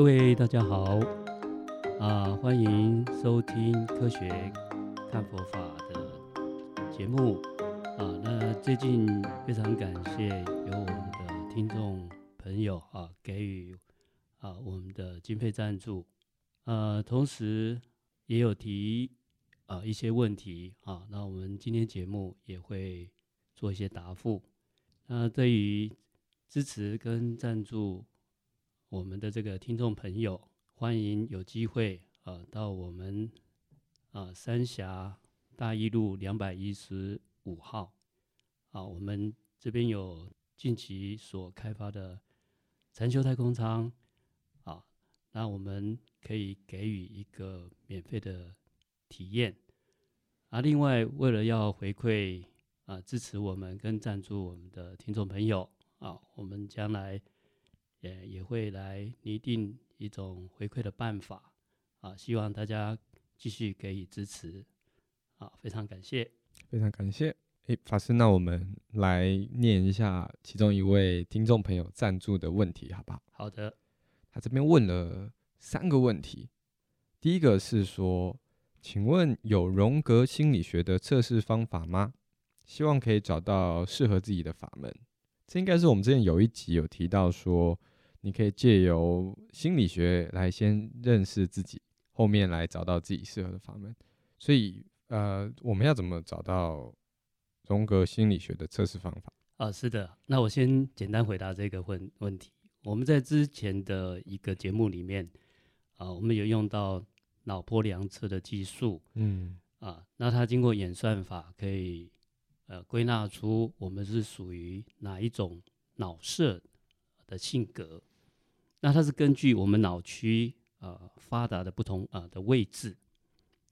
各位大家好，啊，歡迎收聽《科學看佛法》的節目，啊，那最近非常感謝有我們的聽眾朋友啊給予啊我們的經費贊助，呃、啊，同時也有提啊一些問題，啊，那我們今天節目也會做一些答復，那對於支持跟贊助。我們的這個聽眾朋友，歡迎有機會啊、呃、到我們啊、呃、三峽大義路兩百一十五號啊，我們這邊有近期所開發的禪修太空艙啊，那我們可以給予一個免費的體驗。啊，另外為了要回饋啊支持我們跟贊助我們的聽眾朋友啊，我們將來。也也會來擬定一種回饋的辦法啊，希望大家繼續給予支持啊，非常感謝，非常感謝。誒、欸，法師，那我們來念一下其中一位聽眾朋友贊助的問題，好不好？好的，他這邊問了三個問題，第一個是說，請問有榮格心理學的測試方法嗎？希望可以找到適合自己的法門。這應該是我們之前有一集有提到說。你可以借由心理學來先認識自己，後面來找到自己適合的方面。所以，呃，我們要怎麼找到榮格心理學的測試方法啊？是的，那我先簡單回答這個問問題。我們在之前的一個節目裡面，啊，我們有用到腦波量測的技術，嗯，啊，那它經過演算法可以，呃，歸納出我們是屬於哪一種腦色的性格。那它是根據我們腦區呃發達的不同呃的位置，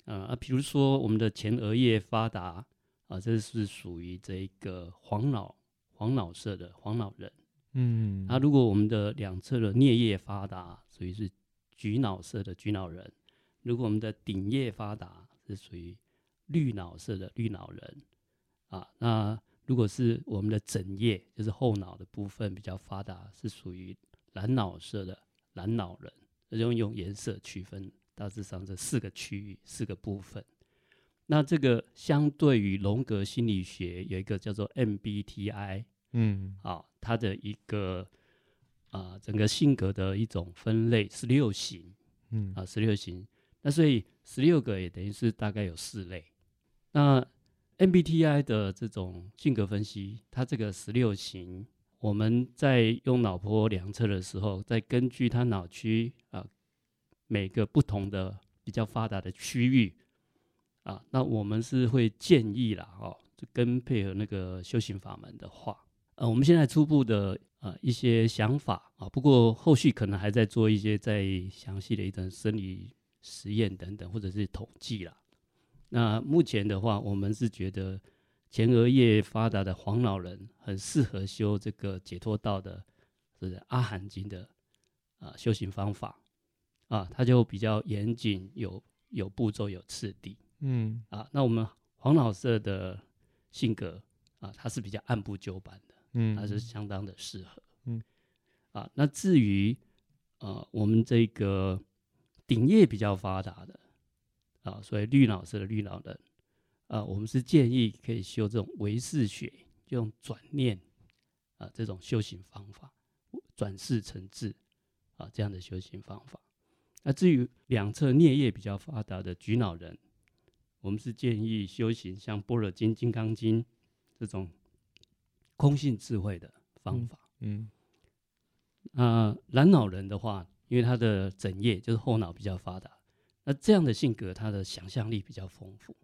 呃，啊，比如說我們的前額葉發達啊、呃，這是屬於這一個黃腦黃腦色的黃腦人。嗯，那如果我們的兩側的顳葉發達，屬於是橘腦色的橘腦人。如果我們的頂葉發達，是屬於綠腦色的綠腦人。啊，那如果是我們的枕葉，就是後腦的部分比較發達，是屬於藍腦色的藍腦人，用用顏色區分，大致上這四個區域、四個部分。那這個相對於榮格心理學有一個叫做 MBTI，嗯，啊，它的一個啊、呃、整個性格的一種分類，十六型，嗯，啊，十六型。那所以十六個也等於是大概有四類。那 MBTI 的這種性格分析，它這個十六型。我們在用腦波量測的時候，再根據他腦區啊每個不同的比較發達的區域啊，那我們是會建議了哦，就跟配合那個修行法門的話，啊，我們現在初步的啊一些想法啊，不過後續可能還在做一些再詳細的一種生理實驗等等，或者是統計了。那目前的話，我們是覺得。前額葉發達的黃老人很適合修這個解脫道的，就是阿含經的啊、呃、修行方法啊，他就比較嚴謹，有有步驟，有次第。嗯啊，那我們黃老色的性格啊，他是比較按部就班的，嗯，他是相當的適合。嗯啊，那至於呃，我們這個頂葉比較發達的啊，所以綠老色的綠老人，啊，我們是建議可以修這種唯識學，就用轉念啊這種修行方法，轉識成智啊這樣的修行方法。那、啊、至於兩側顳葉比較發達的橘腦人，我們是建議修行像《般若經》《金剛經》這種空性智慧的方法。嗯。嗯啊，藍腦人的話，因為他的枕葉就是後腦比較發達，那這樣的性格，他的想象力比較豐富。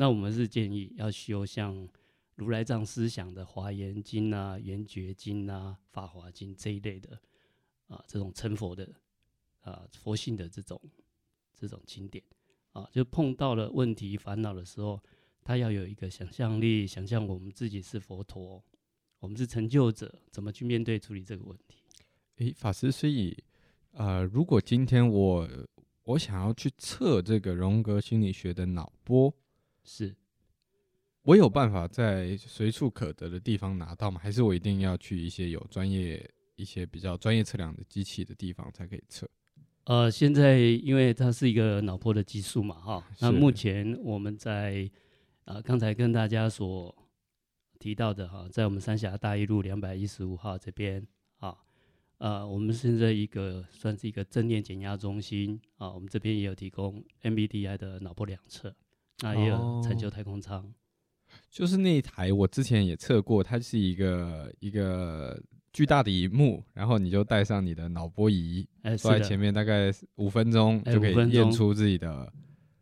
那我們是建議要修像如來藏思想的《華嚴經》啊，《圓覺經》啊，《法華經》這一類的啊，這種成佛的啊，佛性的這種這種經典啊，就碰到了問題煩惱的時候，他要有一個想象力，想象我們自己是佛陀，我們是成就者，怎麼去面對處理這個問題？哎，法師，所以啊、呃，如果今天我我想要去測這個榮格心理學的腦波。是我有辦法在隨處可得的地方拿到嗎？還是我一定要去一些有專業、一些比較專業測量的機器的地方才可以測？呃，現在因為它是一個腦波的技術嘛，哈，那目前我們在啊剛是、呃、才跟大家所提到的哈，在我們三峽大一路兩百一十五號這邊啊、呃，我們現在一個算是一個正念減壓中心啊，我們這邊也有提供 MBDI 的腦波量測。啊，那也有成就太空艙、哦，就是那一台我之前也測過，它是一個一個巨大的熒幕，然後你就帶上你的腦波儀，欸、坐在前面大概五分鐘就可以驗、欸、出自己的，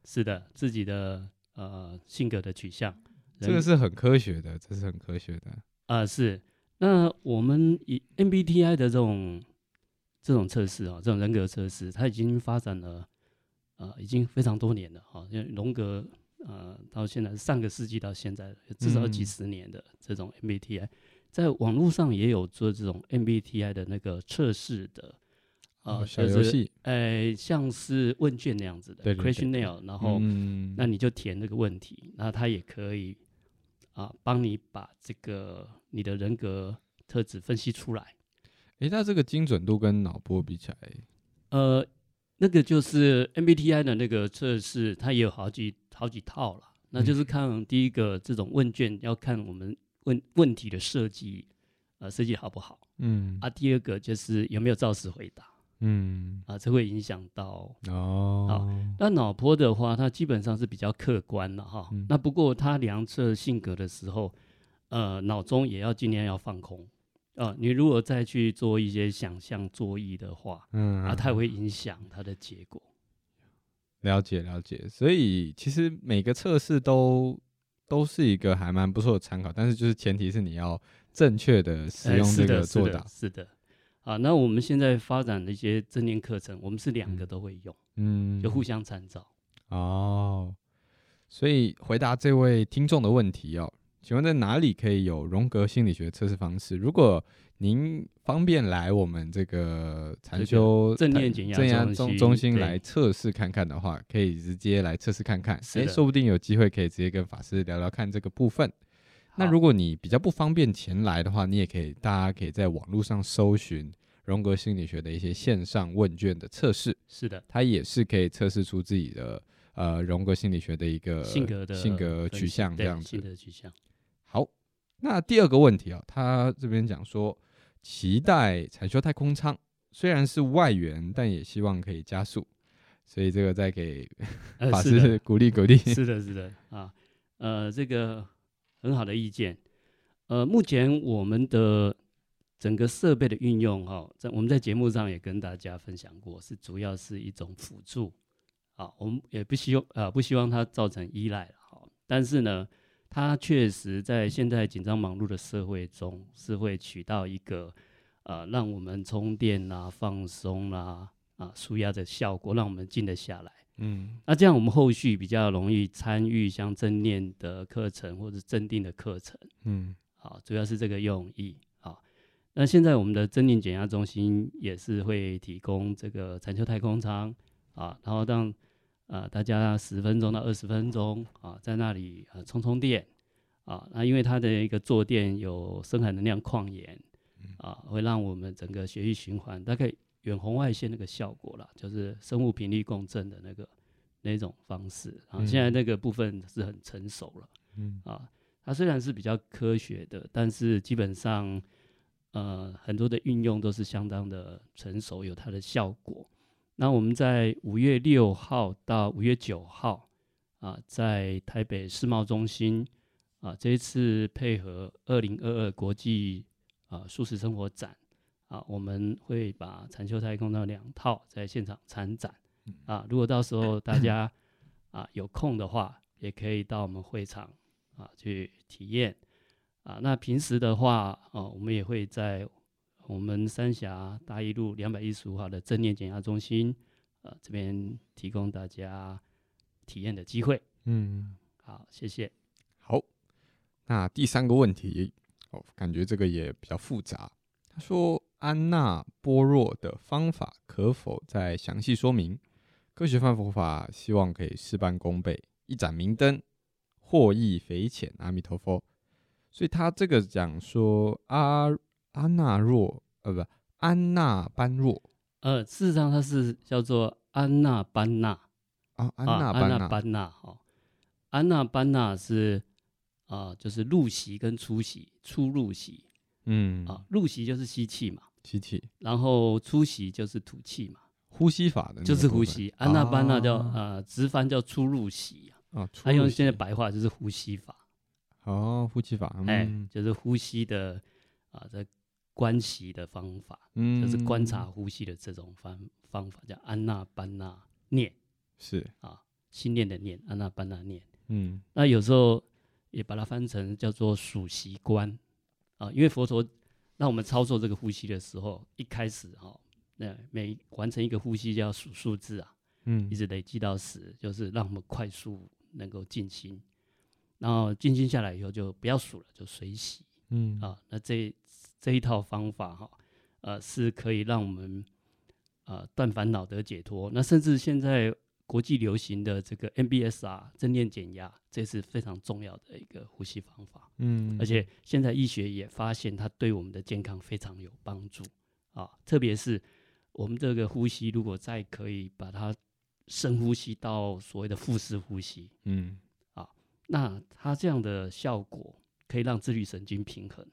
是的，自己的呃性格的取向，這個是很科學的，這是很科學的啊、呃。是，那我們以 MBTI 的這種這種測試啊，這種人格測試，它已經發展了呃已經非常多年了哈、哦，因為榮格。呃，到現在上個世紀到現在至少幾十年的這種 MBTI，、嗯、在網絡上也有做這種 MBTI 的那個測試的、呃哦、小遊戲就是呃，像是問卷那樣子的 questionnaire 然後、嗯、那你就填那個問題，那它也可以啊，幫你把這個你的人格特質分析出來。哎、欸，那這個精準度跟腦波比起來，呃。那個就是 MBTI 的那個測試，它也有好幾好幾套了。那就是看第一個這種問卷，要看我們問問題的設計，呃，設計好不好？嗯，啊，第二個就是有沒有照實回答？嗯，啊，這會影響到哦。啊，那腦波的話，它基本上是比較客觀的哈。嗯，那不過他量測性格的時候，呃，腦中也要盡量要放空。啊、哦，你如果再去做一些想象作意的話，嗯啊，啊，它也會影響它的結果。了解了解，所以其實每個測試都都是一個還蠻不錯的參考，但是就是前提是你要正確的使用這個作答。欸，是的，是的，是的，是的。啊，那我們現在發展的一些正念課程，我們是兩個都會用，嗯，嗯，就互相參照。哦，所以回答這位聽眾的問題哦。請問在哪裡可以有榮格心理學測試方式？如果您方便來我們這個禪修、這個、正念減壓，中心來測試看看的話，可以直接來測試看看。誰、欸、說不定有機會可以直接跟法師聊聊看這個部分。好那如果你比較不方便前來的話，你也可以，大家可以在網絡上搜尋榮格心理學的一些線上問卷的測試。是的，它也是可以測試出自己的呃榮格心理學的一個性格的性格取向這樣子。好，那第二個問題啊、哦，他這邊講說，期待採修太空艙雖然是外援，但也希望可以加速，所以這個再給法師、呃、鼓勵鼓勵，是的，是的啊，呃，這個很好的意見。呃，目前我們的整個設備的運用哈、哦，在我們在節目上也跟大家分享過，是主要是一種輔助啊，我們也不希望啊，不希望它造成依賴哈，但是呢。它確實在現在緊張忙碌的社會中，是會起到一個，呃，讓我們充電啦、放鬆啦、啊、呃，舒壓的效果，讓我們靜得下來。嗯，那這樣我們後續比較容易參與像正念的課程或者是正定的課程。嗯，好、啊，主要是這個用意。好、啊，那現在我們的正念減壓中心也是會提供這個禪修太空艙，啊，然後讓。啊、呃，大家十分鐘到二十分鐘啊、呃，在那裡啊充充電啊、呃。那因為它的一個坐墊有深海能量礦鹽啊，會讓我們整個血液循環，大概遠紅外線那個效果了，就是生物頻率共振的那個那種方式。啊。然後現在那個部分是很成熟了，啊、呃，它雖然是比較科學的，但是基本上呃很多的運用都是相當的成熟，有它的效果。那我們在五月六號到五月九號啊，在台北世貿中心啊，這一次配合二零二二國際啊素食生活展啊，我們會把禪修太空的兩套在現場參展啊，如果到時候大家啊有空的話，也可以到我們會場啊去體驗啊。那平時的話啊，我們也會在。我們三峽大一路兩百一十五號的正念減壓中心，呃，這邊提供大家體驗的機會。嗯，好，謝謝。好，那第三個問題，哦，感覺這個也比較複雜。他說：“安娜波若的方法可否再詳細說明？科學看佛法，希望可以事半功倍，一盞明燈，獲益匪淺。”阿彌陀佛。所以他這個講說阿。啊安那若，呃、啊，不是，安那般若，呃，事實上它是叫做安那般那，啊，安那般那，安那般那，哈，安那般那是，啊、呃，就是入息跟出息，出入息，嗯，啊，入息就是吸氣嘛，吸氣，然後出息就是吐氣嘛，呼吸法的，就是呼吸，啊、安那般那叫，啊、呃，直翻叫出入息啊，息啊，他用現在白話就是呼吸法，哦，呼吸法，哎、嗯欸，就是呼吸的，啊、呃，在。觀息的方法，嗯，就是觀察呼吸的這種方方法，叫安那般那念，是啊，心念的念安那般那念，嗯，那有時候也把它翻成叫做數息觀，啊，因為佛陀讓我們操作這個呼吸的時候，一開始哈、哦，那每完成一個呼吸就要數數字啊，嗯，一直累積到十，就是讓我們快速能夠靜心，然後靜心下來以後就不要數了，就隨息，嗯啊，那這。這一套方法哈，呃，是可以讓我們呃斷煩惱得解脫。那甚至現在國際流行的這個 MBSR 正念減壓，這是非常重要的一個呼吸方法。嗯，而且現在醫學也發現它對我們的健康非常有幫助啊。特別是我們這個呼吸，如果再可以把它深呼吸到所謂的腹式呼吸，嗯，啊，那它這樣的效果可以讓自律神經平衡，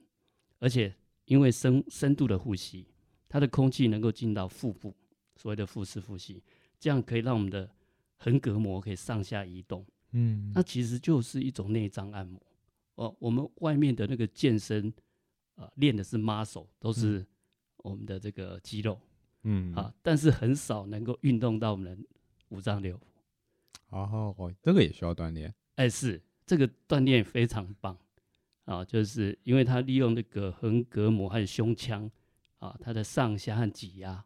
而且。因為深深度的呼吸，它的空氣能夠進到腹部，所謂的腹式呼吸，這樣可以讓我們的橫膈膜，可以上下移動。嗯，那其實就是一種內臟按摩。哦，我們外面的那個健身，呃，練的是 muscle，都是我們的這個肌肉。嗯啊，但是很少能夠運動到我們的五臟六腑。哦，哦，這個也需要鍛煉。哎，是這個鍛煉非常棒。啊，就是因為它利用那個橫膈膜還有胸腔啊，它的上下和擠壓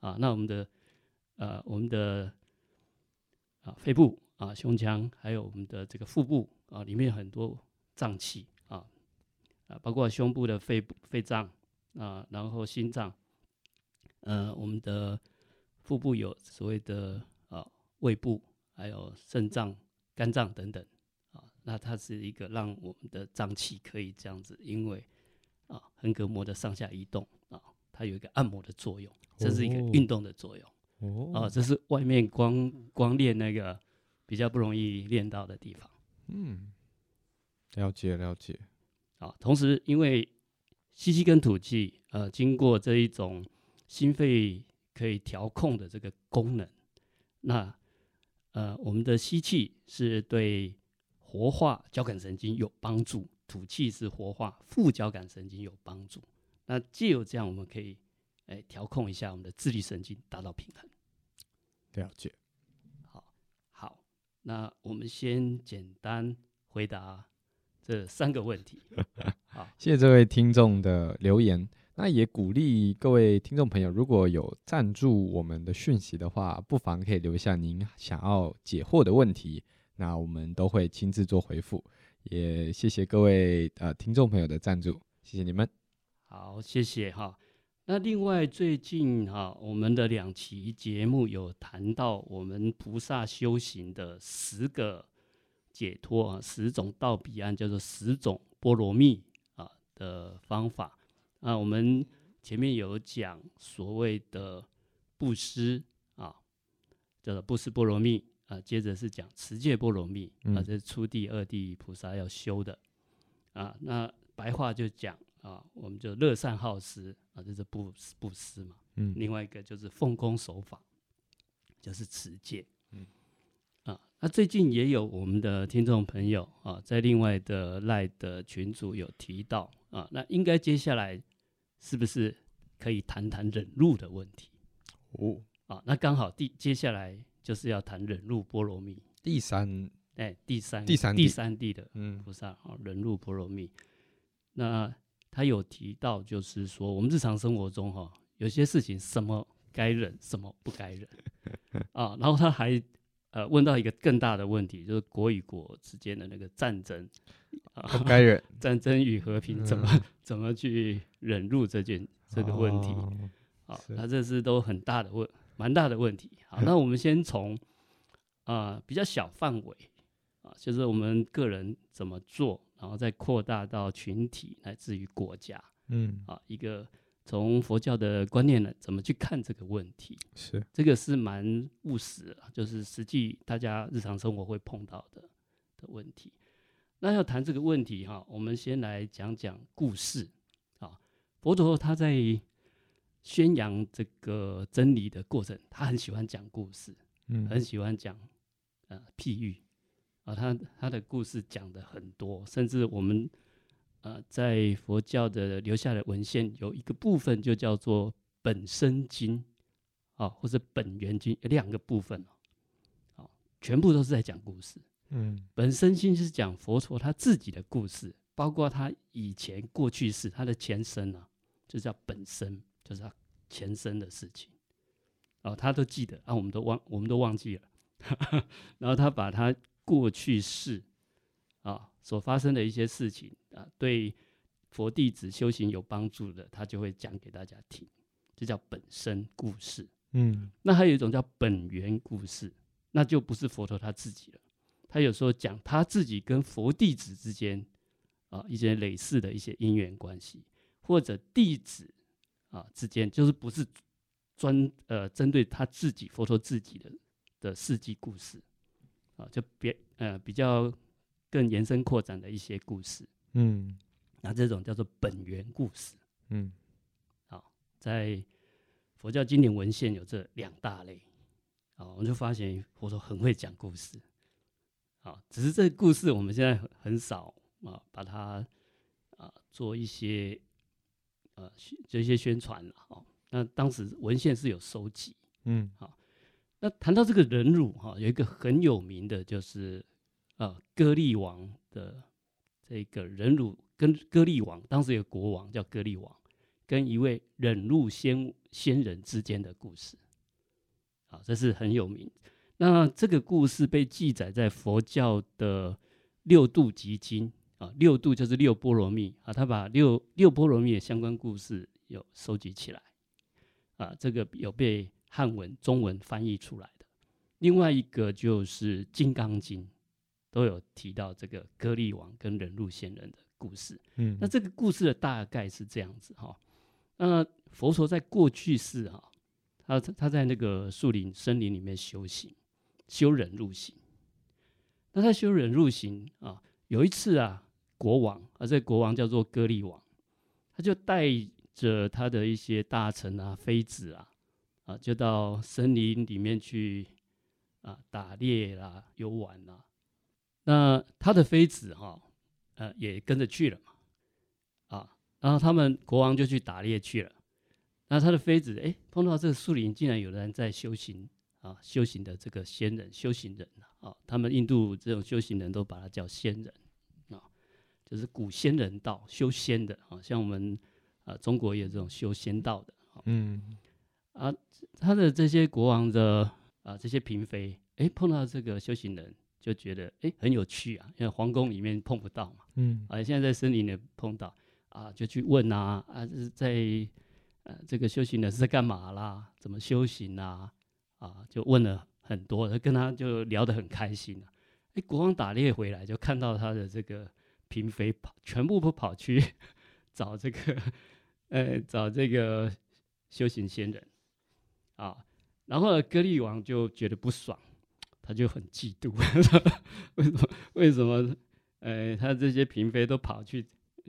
啊，那我們的呃我們的啊肺部啊胸腔、還有我們的這個腹部啊裡面很多臟器啊，包括胸部的肺肺臟啊，然後心臟，呃我們的腹部有所謂的啊胃部，還有腎臟、肝臟等等。那它是一個讓我們的臟器可以這樣子，因為啊橫膈膜的上下移動啊、呃，它有一個按摩的作用，這是一個運動的作用。哦、oh 呃，這是外面光光練那個比較不容易練到的地方。嗯，了解了解。啊、呃，同時因為吸氣跟吐氣，呃，經過這一種心肺可以調控的這個功能，那呃，我們的吸氣是對。活化交感神經有幫助，吐氣是活化副交感神經有幫助。那借由這樣，我們可以哎調、欸、控一下我們的自律神經，達到平衡。了解。好，好，那我們先簡單回答這三個問題。 好，謝謝這位聽眾的留言。那也鼓勵各位聽眾朋友，如果有贊助我們的訊息的話，不妨可以留下您想要解惑的問題。那我們都會親自做回復，也謝謝各位呃聽眾朋友的贊助，謝謝你們。好，謝謝哈、啊。那另外最近哈、啊，我們的兩期節目有談到我們菩薩修行的十個解脫啊，十種到彼岸叫做十種波羅蜜啊的方法。那我們前面有講所謂的布施啊，叫做布施波羅蜜。啊，接着是講持戒波羅蜜啊，嗯、這是初地、二地菩薩要修的啊。那白話就講啊，我們就樂善好施啊，就是布施布施嘛。嗯，另外一個就是奉公守法，就是持戒。嗯啊，啊，那最近也有我們的聽眾朋友啊，在另外的賴的群組有提到啊，那應該接下來是不是可以談談忍辱的問題？哦，啊，那剛好第接下來。就是要談忍辱波羅蜜第三。第三，哎，第三，第三，第三地的菩薩啊，嗯哦、忍辱波羅蜜。那他有提到，就是說我們日常生活中哈、哦，有些事情什麼該忍，什麼不該忍 啊。然後他還呃問到一個更大的問題，就是國與國之間的那個戰爭，啊，該忍戰爭與和平怎麼怎麼去忍辱這件、嗯、這個問題啊。他這是都很大的問。蠻大的問題，好，那我們先從啊、呃、比較小範圍啊，就是我們個人怎麼做，然後再擴大到群體，乃至於國家，嗯啊，一個從佛教的觀念呢，怎麼去看這個問題？是這個是蠻務實的，的就是實際大家日常生活會碰到的的問題。那要談這個問題哈、啊，我們先來講講故事啊，佛陀他在。宣揚這個真理的過程，他很喜歡講故事，嗯，很喜歡講呃譬喻啊，他他的故事講得很多，甚至我們呃在佛教的留下的文獻有一個部分就叫做本生經啊，或者本緣經有兩個部分哦、啊啊，全部都是在講故事，嗯，本生經是講佛陀他自己的故事，包括他以前過去世他的前身啊，就叫本生。就是他前生的事情，哦，他都記得啊，我們都忘，我們都忘記了。 然後他把他過去世啊所發生的一些事情啊，對佛弟子修行有幫助的，他就會講給大家聽。這叫本生故事。嗯，那還有一種叫本源故事，那就不是佛陀他自己了。他有時候講他自己跟佛弟子之間啊一些類似的一些因緣關係，或者弟子。啊，之間就是不是專呃針對他自己佛陀自己的的事跡故事啊，就別呃比較更延伸擴展的一些故事，嗯，那、啊、這種叫做本源故事，嗯，好、啊，在佛教經典文獻有這兩大類，啊，我們就發現佛陀很會講故事，好、啊，只是這個故事我們現在很很少啊，把它啊做一些。呃，這些宣傳了、啊、哈、哦，那當時文獻是有收集，嗯，好、哦，那談到這個忍辱哈、哦，有一個很有名的就是，呃，歌利王的這個忍辱跟歌利王，當時有國王叫歌利王，跟一位忍辱仙仙人之間的故事，好、哦，這是很有名。那這個故事被記載在佛教的六度集經。六度就是六波羅蜜啊，他把六六波羅蜜的相關故事有收集起來啊，這個有被漢文中文翻譯出來的。另外一個就是《金剛經》，都有提到這個歌利王跟忍辱仙人的故事。嗯，嗯，那這個故事的大概是這樣子哈、哦。那佛陀在過去世哈、哦，他他在那個樹林森林裡面修行，修忍辱行。那他修忍辱行啊，有一次啊。國王，啊，這個、國王叫做歌利王，他就帶着他的一些大臣啊、妃子啊，啊，就到森林裡面去啊打獵啦、啊、遊玩啦、啊。那他的妃子哈、哦，呃、啊，也跟着去了嘛，啊，然後他們國王就去打獵去了。那他的妃子哎，碰到這個樹林，竟然有人在修行啊，修行的這個仙人、修行人啊，他們印度這種修行人都把他叫仙人。就是古仙人道修仙的啊，像我們啊，中國也有這種修仙道的。啊嗯啊，他的這些國王的啊，這些嬪妃，哎、欸，碰到這個修行人就覺得哎、欸、很有趣啊，因為皇宮裡面碰不到嘛。嗯啊，現在在森林裡碰到啊，就去問啊啊，這是在呃、啊、這個修行人是在幹嘛啦？怎麼修行啊？啊，就問了很多，跟他就聊得很開心啊。哎、欸，國王打獵回來就看到他的這個。嬪妃跑，全部都跑去找這個，呃、哎，找這個修行仙人，啊，然後呢歌利王就覺得不爽，他就很嫉妒，啊、為什麼？為什麼？呃、哎，他這些嬪妃都跑去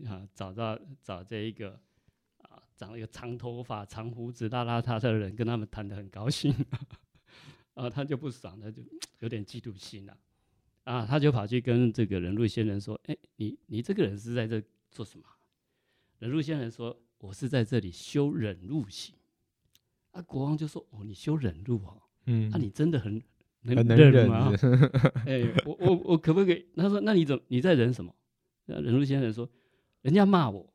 啊，找到找這一個啊，長了一個長頭髮、長鬍子、邋邋遢遢的人，跟他們談得很高興，啊，他就不爽，他就有點嫉妒心了、啊。啊，他就跑去跟這個忍辱仙人說：“哎、欸，你你這個人是在這做什麼？”忍辱仙人說：“我是在這裡修忍辱行。”啊，國王就說：“哦，你修忍辱、哦嗯、啊？嗯，那你真的很很，很能忍嗎？哎、啊 欸，我我我可不可以？”他說：“那你怎你在忍什麼？”那、啊、忍辱仙人說：“人家罵我，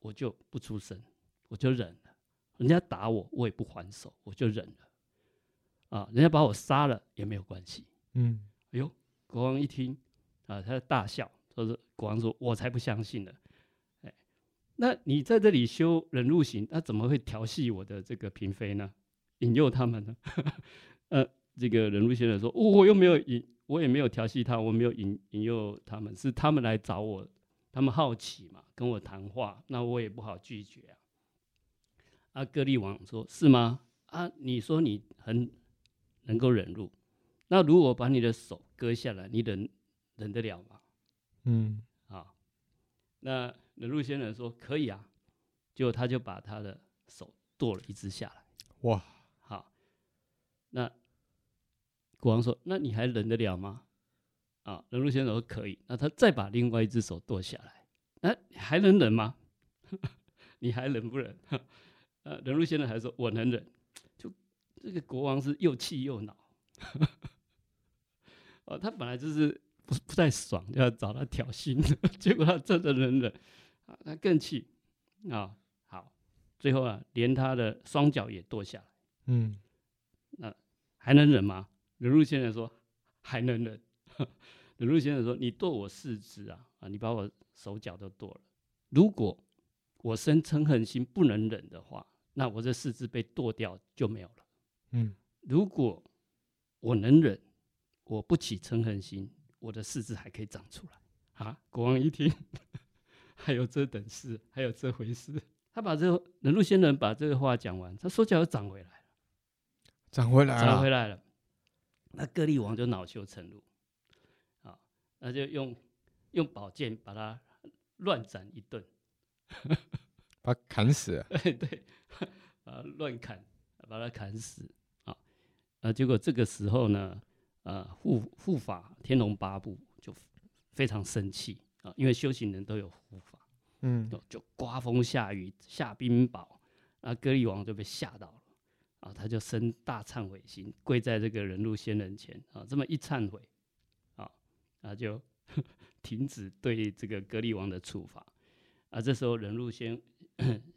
我就不出聲，我就忍了；人家打我，我也不還手，我就忍了。啊，人家把我殺了也沒有關係。”嗯。國王一聽，啊，他大笑，說，說國王說：“我才不相信呢，哎，那你在這裡修忍辱行，他、啊、怎麼會調戲我的這個嬪妃呢？引誘他們呢？”呃、 啊，這個忍辱先生說：“我、哦、我又沒有引，我也沒有調戲他，我沒有引引誘他們，是他們來找我，他們好奇嘛，跟我談話，那我也不好拒絕啊。”啊，歌利王說：“是嗎？啊，你說你很能夠忍辱。”那如果把你的手割下來，你忍忍得了嗎？嗯，啊、哦，那忍辱仙人說可以啊，就他就把他的手剁了一隻下來。哇，好、哦，那國王說，那你還忍得了嗎？啊、哦，忍辱仙人說可以。那他再把另外一隻手剁下來，那還能忍，忍嗎？ 你還忍不忍？呃，那忍辱仙人還說我能忍。就這個國王是又氣又惱。 哦，他本來就是不不太爽，要找他挑釁的，結果他真的忍忍，啊、他更氣啊、哦！好，最後啊，連他的雙腳也剁下來。嗯，那、啊、還能忍嗎？忍辱仙人說還能忍。忍辱仙人說：“你剁我四肢啊，啊，你把我手腳都剁了。如果我生嗔恨心不能忍的話，那我這四肢被剁掉就沒有了。嗯，如果我能忍。”我不起嗔恨心，我的四肢還可以長出來啊！國王一聽，還有這等事，還有這回事。他把這忍辱仙人把這個話講完，他說腳又長回來了，長回來了，長回來了。那歌利王就惱羞成怒，啊，那就用用寶劍把他亂斬一頓， 把他砍死。哎 對，啊，亂砍，把他砍死。啊，那結果這個時候呢？呃，護護法《天龍八部》就非常生氣啊，因為修行人都有護法，嗯、呃，就颳風下雨下冰雹，啊，歌利王就被嚇到了，啊，他就生大懺悔心，跪在這個忍辱仙人前啊，這麼一懺悔，啊，他就呵呵停止對這個歌利王的處罰，啊，這時候忍辱仙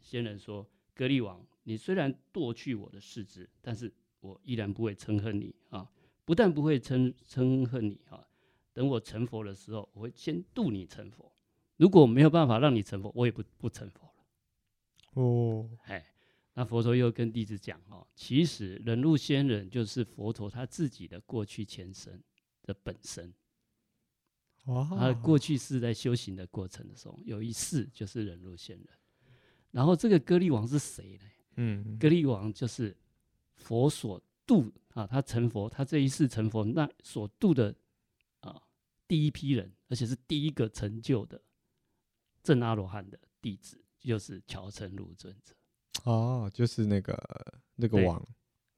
仙人說：歌利王，你雖然奪去我的世子，但是我依然不會嗔恨你。不但不會嗔嗔恨你、哦、等我成佛的時候，我會先度你成佛。如果沒有辦法讓你成佛，我也不不成佛了。哦，哎，那佛陀又跟弟子講哦，其實忍辱仙人就是佛陀他自己的過去前身的本身。Oh. 他過去是在修行的過程的時候，有一世就是忍辱仙人。然後這個歌利王是誰呢？嗯，歌利王就是佛所。度啊，他成佛，他這一世成佛，那所度的啊第一批人，而且是第一個成就的正阿羅漢的弟子，就是憍陳如尊者。哦，就是那個那個王，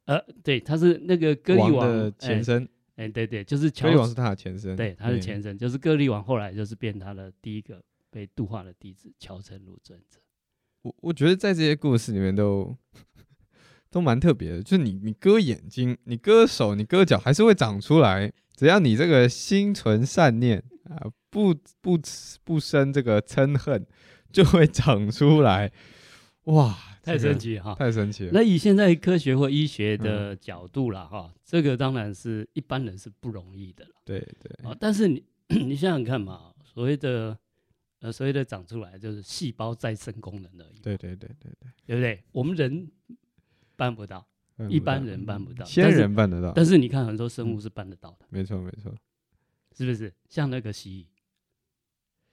呃，對，他是那個歌利王，王的前身。哎、欸，欸、對對，就是歌利王是他的前身，對，他的前身對就是歌利王，後來就是變他的第一個被度化的弟子憍陳如尊者。我我覺得在這些故事裡面都。都蠻特別的，就是你，你割眼睛，你割手，你割腳，還是會長出來。只要你這個心存善念啊，不不不生這個嗔恨，就會長出來。哇，這個、太神奇哈、哦！太神奇了。那以現在科學或醫學的角度啦，哈、嗯喔，這個當然是一般人是不容易的啦對，對對。啊、喔，但是你你想想看嘛，所謂的呃所謂的長出來，就是細胞再生功能而已。對對對對對，對不對？我們人。搬不到，一般人搬不到，仙人辦得到。但是你看很多生物是辦得到的，沒錯沒錯，是不是？像那個蜥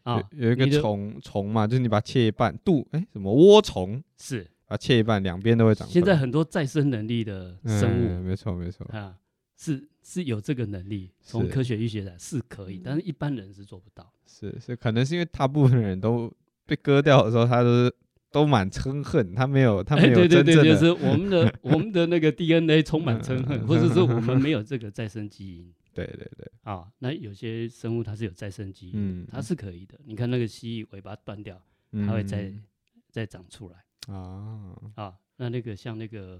蜴啊，有一個蟲蟲嘛，就是你把它切一半，肚哎什麼渦蟲是，把它切一半，兩邊都會長。現在很多再生能力的生物，沒錯沒錯啊，是是有這個能力。從科學醫學來是可以，但是一般人是做不到。是是，可能是因為大部分人都被割掉的時候，他都是。都滿嗔恨，他沒有，他沒有真正的、欸、對對對，就是我們的 我們的那個 DNA 充滿嗔恨，或者說我們沒有這個再生基因。 對對對，啊，那有些生物它是有再生基因，嗯、它是可以的。你看那個蜥蜴尾巴斷掉，它會再、嗯、再長出來。啊啊，那那個像那個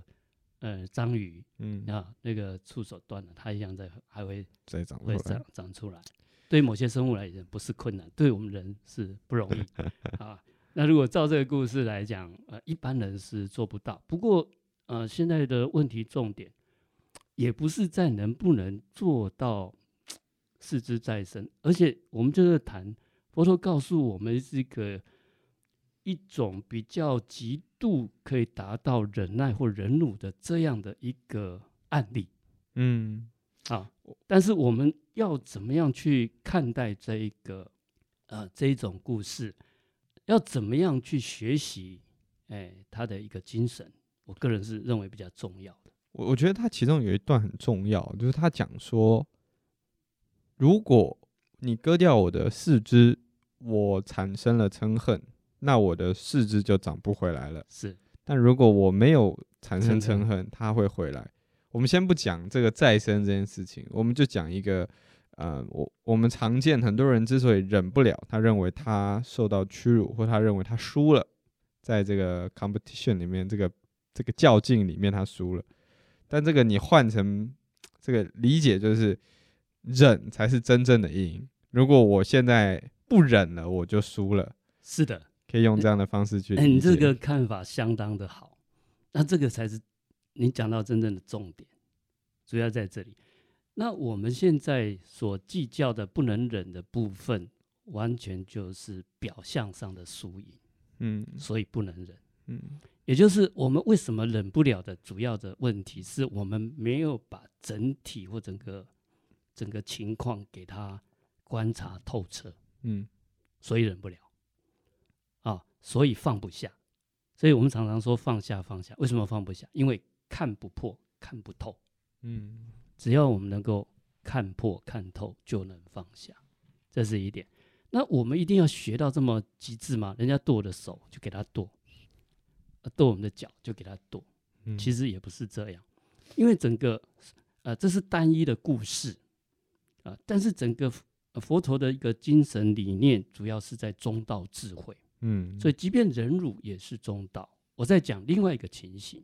呃章魚，嗯、啊那個觸手斷了、啊，它一樣在還會再長會長長出來。對某些生物來講不是困難，對我們人是不容易 啊。那如果照這個故事來講，呃，一般人是做不到。不過，呃，現在的問題重點，也不是在能不能做到四肢再生，而且我們就是談佛陀告訴我們是一個一種比較極度可以達到忍耐或忍辱的這樣的一個案例。嗯，啊，但是我們要怎麼樣去看待這一個，呃，這一種故事？要怎麼樣去學習？哎、欸，他的一個精神，我個人是認為比較重要的。我我覺得他其中有一段很重要，就是他講說，如果你割掉我的四肢，我產生了嗔恨，那我的四肢就長不回來了。是，但如果我沒有產生嗔恨，它、嗯、會回來。我們先不講這個再生這件事情，我們就講一個。呃，我我們常見很多人之所以忍不了，他認為他受到屈辱，或他認為他輸了，在這個 competition 裡面，這個這個較勁裡面他輸了。但這個你換成這個理解，就是忍才是真正的贏。如果我現在不忍了，我就輸了。是的，可以用這樣的方式去。哎，你這個看法相當的好，那這個才是你講到真正的重點，主要在這裡。那我們現在所計較的不能忍的部分，完全就是表象上的輸贏，嗯，所以不能忍，嗯，也就是我們為什麼忍不了的主要的問題，是我們沒有把整體或整個整個情況給他觀察透徹，嗯，所以忍不了，啊，所以放不下，所以我們常常說放下放下，為什麼放不下？因為看不破，看不透，嗯。只要我們能夠看破、看透，就能放下，這是一點。那我們一定要學到這麼極致嗎？人家剁我的手就給他剁，啊、剁我們的腳就給他剁，嗯、其實也不是這樣。因為整個，呃，這是單一的故事啊、呃。但是整個佛陀的一個精神理念，主要是在中道智慧。嗯，所以即便忍辱也是中道。我再講另外一個情形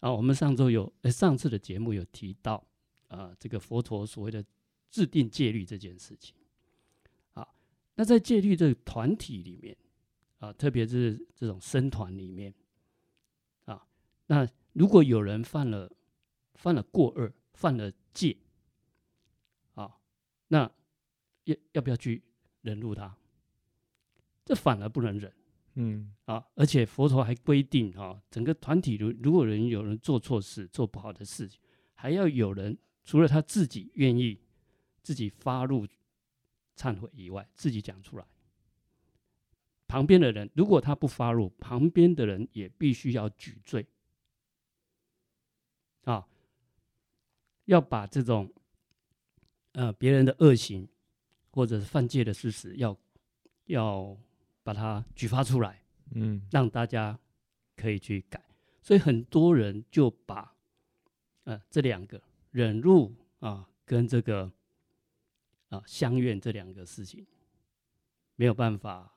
啊，我們上周有、呃、上次的節目有提到。啊、呃，這個佛陀所謂的制定戒律這件事情，啊，那在戒律這個團體裡面，啊，特別是這種僧團裡面，啊，那如果有人犯了犯了過惡，犯了戒，啊，那要要不要去忍辱他？這反而不能忍，嗯，啊，而且佛陀還規定，啊、哦，整個團體如如果人有人做錯事，做不好的事情，還要有人。除了他自己願意自己發露懺悔以外，自己講出來。旁邊的人如果他不發露，旁邊的人也必須要舉罪。啊，要把這種呃別人的惡行或者是犯戒的事實，要要把它舉發出來，嗯，讓大家可以去改。所以很多人就把呃這兩個。忍辱啊、呃，跟這個啊、呃、相怨這兩個事情沒有辦法了，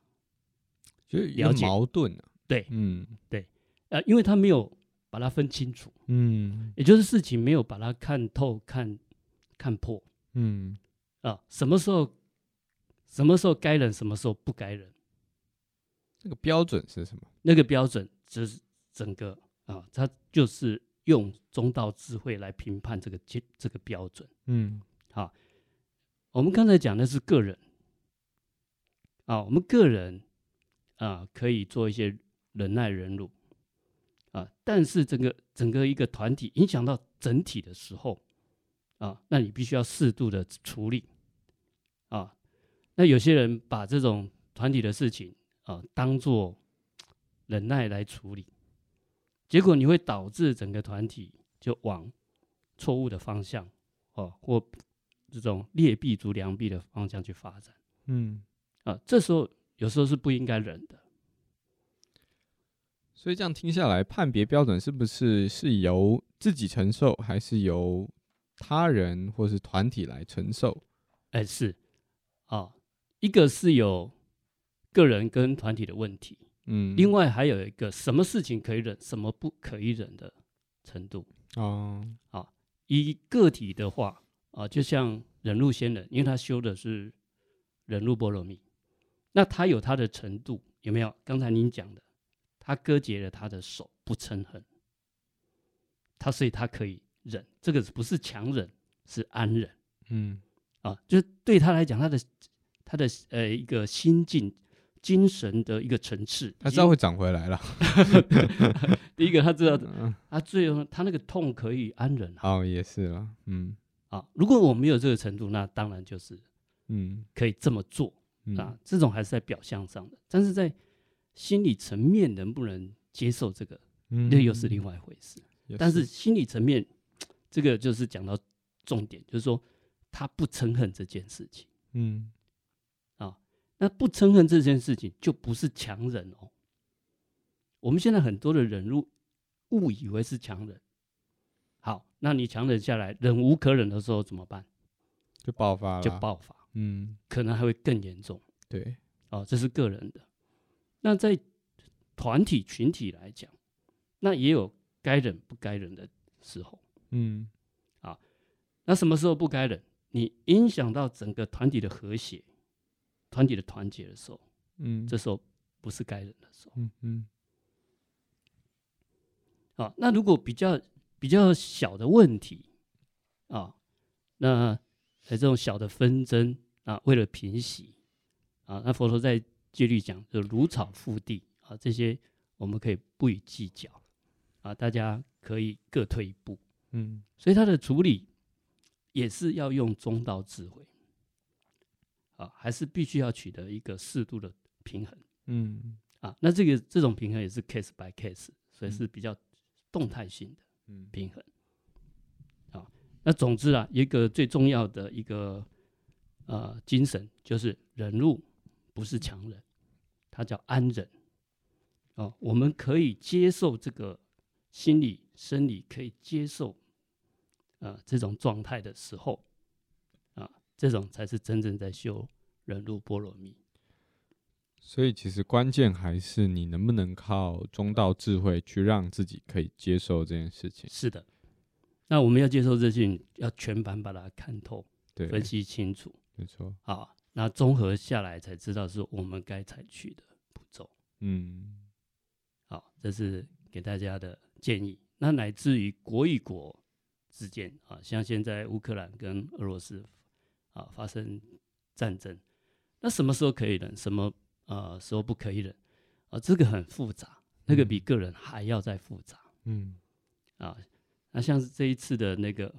所以了解矛盾啊。對，嗯，對，啊、呃，因為他沒有把它分清楚，嗯，也就是事情沒有把它看透、看看破，嗯啊、呃，什麼時候什麼時候該忍，什麼時候不該忍，那個標準是什麼？那個標準就是整個啊、呃，它就是。用中道智慧來評判這個這這個標準，嗯，好，啊，我們剛才講的是個人，啊，我們個人啊可以做一些忍耐忍辱，啊，但是整個整個一個團體影響到整體的時候，啊，那你必須要適度的處理，啊，那有些人把這種團體的事情啊當做忍耐來處理。結果你會導致整個團體就往錯誤的方向，哦，或這種劣幣逐良幣的方向去發展。嗯，啊、哦，這時候有時候是不應該忍的。所以這樣聽下來，判別標準是不是是由自己承受，還是由他人或是團體來承受？哎，是啊、哦，一個是有個人跟團體的問題。嗯，另外還有一個，什麼事情可以忍，什麼不可以忍的程度哦，啊，以個體的話啊，就像忍辱仙人，因為他修的是忍辱波羅蜜，那他有他的程度，有沒有？剛才您講的，他割截了他的手不嗔恨，他所以他可以忍，這個不是強忍，是安忍。嗯，啊，就是對他來講，他的他的呃一個心境。精神的一個層次，他知道會長回來了。 第一個他知道，他、啊啊、最後他那個痛可以安忍好。哦，也是了嗯，好、啊。如果我沒有這個程度，那當然就是，嗯，可以這麼做，嗯、啊，這種還是在表象上的，但是在心理層面能不能接受這個，那、嗯、又是另外一回事。嗯、是但是心理層面，這個就是講到重點，就是說他不憎恨這件事情，嗯。那不瞋恨這件事情，就不是強忍哦。我們現在很多的忍辱，誤以為是強忍。好，那你強忍下來，忍無可忍的時候怎麼辦？就爆發了，就爆發。嗯，可能還會更嚴重。對，哦，這是個人的。那在團體、群體來講，那也有該忍不該忍的時候。嗯，啊，那什麼時候不該忍？你影響到整個團體的和諧。團體的團結的時候，嗯，這時候不是該忍的時候，嗯，好，嗯啊，那如果比較比較小的問題啊，那這種小的紛爭啊，為了平息啊，那佛陀在戒律講就如草覆地啊，這些我們可以不予計較啊，大家可以各退一步，嗯，所以他的處理也是要用中道智慧。哦、還是必須要取得一個適度的平衡，嗯，啊，那這個這種平衡也是 case by case，所以是比較動態性的平衡。啊、嗯哦，那總之啊，一個最重要的一個呃精神就是忍辱，不是強忍，嗯、它叫安忍。啊、哦，我們可以接受這個心理、生理可以接受呃這種狀態的時候。這種才是真正在修忍辱波羅蜜。所以，其實關鍵還是你能不能靠中道智慧去讓自己可以接受這件事情。是的，那我們要接受這些，要全盤把它看透，對分析清楚，沒錯錯。啊，那綜合下來才知道是我們該採取的步驟。嗯，好，這是給大家的建議。那乃至於國與國之間啊，像現在烏克蘭跟俄羅斯。啊，發生戰爭，那什麼時候可以忍？什麼啊、呃、時候不可以忍？啊，這個很複雜，那個比個人還要再複雜。嗯，啊，那像是這一次的那個，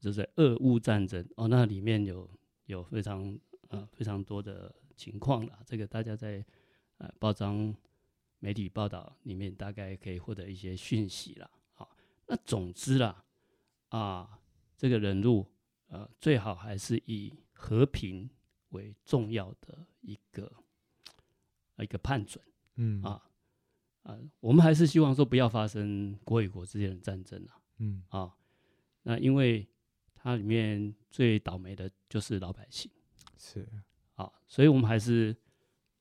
就是俄烏戰爭哦，那裡面有有非常啊、呃、非常多的情況了。這個大家在呃，報章媒體報道裡面大概可以獲得一些訊息了。好、啊，那總之啦，啊，這個忍辱。呃，最好還是以和平為重要的一個、呃、一個判準，嗯啊啊、呃，我們還是希望說不要發生國與國之間的戰爭啊，嗯啊，那因為它裡面最倒霉的就是老百姓，是啊，所以我們還是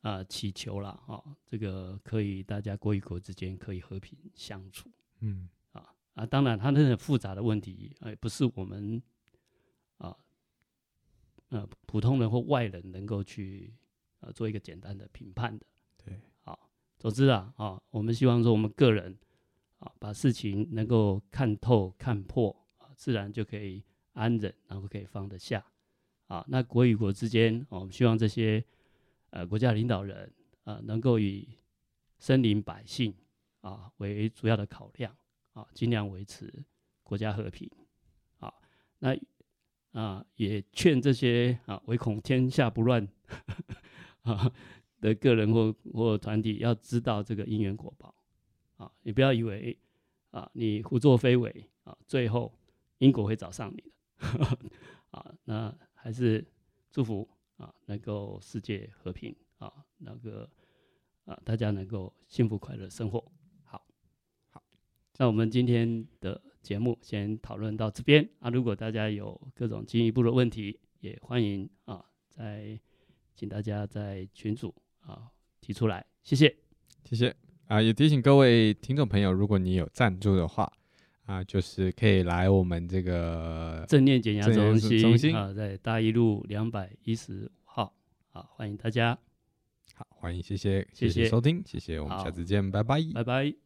啊、呃、祈求啦啊，這個可以大家國與國之間可以和平相處，嗯啊啊，當然它那很複雜的問題，哎、呃，不是我們。呃，普通人或外人能夠去呃做一個簡單的評判的，對，好、啊，總之啊，我們希望說我們個人啊，把事情能夠看透看破、啊、自然就可以安忍，然後可以放得下啊。那國與國之間、啊，我們希望這些呃國家領導人啊，能夠以生靈百姓啊為主要的考量啊，盡量維持國家和平啊。那。啊，也勸這些啊唯恐天下不亂哈、啊，的個人或或團體，要知道這個因緣果報啊，你不要以為啊你胡作非為啊，最後因果會找上你的呵呵啊。那還是祝福啊，能夠世界和平啊，那個啊大家能夠幸福快樂生活。好，好，那我們今天的。節目先討論到這邊啊！如果大家有各種進一步的問題，也歡迎啊，再請大家在群組啊提出來。謝謝，謝謝啊！也提醒各位聽眾朋友，如果你有贊助的話啊，就是可以來我們這個正念減壓中心，中心啊，在大一路兩百一十五號啊，歡迎大家。好，歡迎，謝謝，謝謝，謝謝收聽，好謝謝，我們下次見，好拜拜，拜拜。